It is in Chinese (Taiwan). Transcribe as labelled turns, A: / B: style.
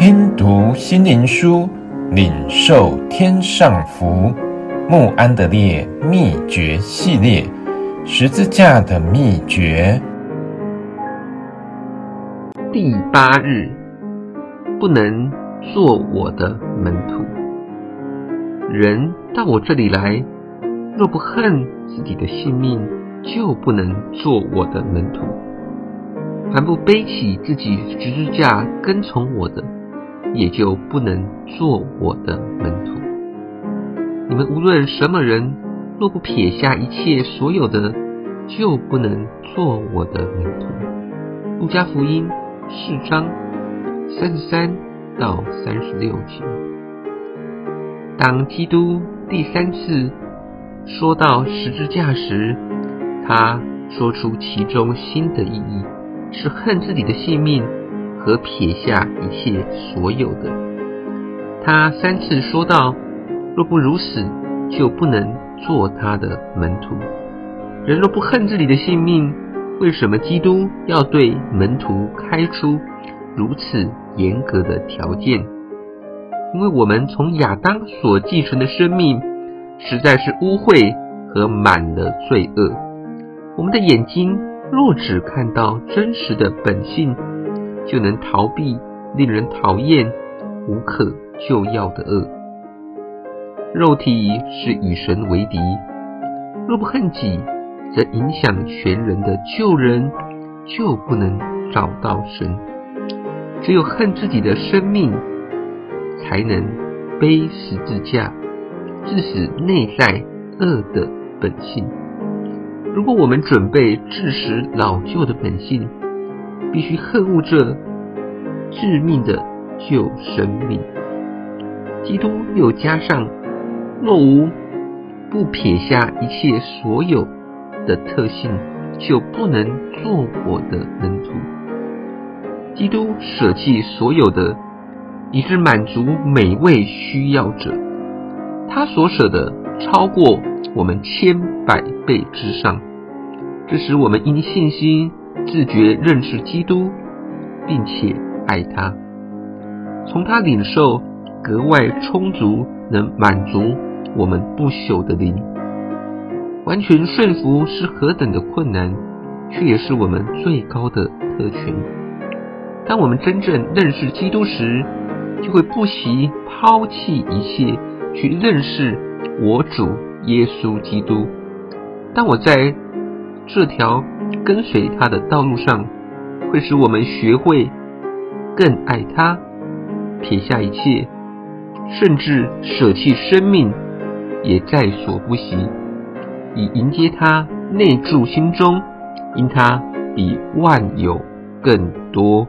A: 聽讀心靈書，領受天上福。慕安德烈秘訣系列，十字架的秘訣。第八日，不能做我的門徒。人到我這裡來，若不恨自己的性命，就不能做我的門徒。凡不背起自己十字架跟從我的。也就不能做我的門徒。你們無論什麼人，若不撇下一切所有的，就不能做我的門徒。《路加福音》四章三十三到三十六節。當基督第三次說到十字架時，他說出其中新的意義：是恨自己的性命。和撇下一切所有的，他三次說到：「若不如此，就不能做他的門徒。人若不恨自己的性命，為什麼基督要對門徒開出如此嚴格的條件？因為我們從亞當所繼承的生命，實在是污穢和滿了罪惡。我們的眼睛若只看到真實的本性，就能逃避令人討厭、無可救藥的惡。肉體是與神為敵，若不恨己，則影響全人的舊人就不能找到神。只有恨自己的生命，才能背十字架，治死內在惡的本性。如果我們準備治死老舊的本性，必須恨惡這致命的舊生命。基督又加上：若無不撇下一切所有的特性，就不能做我的門徒。基督捨棄所有的，以致滿足每位需要者。他所捨的，超過我們千百倍之上。這使我們因信心。自覺認識基督，並且愛他，從他領受格外充足，能滿足我們不朽的靈。完全順服是何等的困難，卻也是我們最高的特權。當我們真正認識基督時，就會不惜拋棄一切去認識我主耶穌基督。當我在，這條跟隨他的道路上，會使我們學會更愛他，撇下一切，甚至捨棄生命也在所不惜，以迎接他內住心中，因他比萬有更多。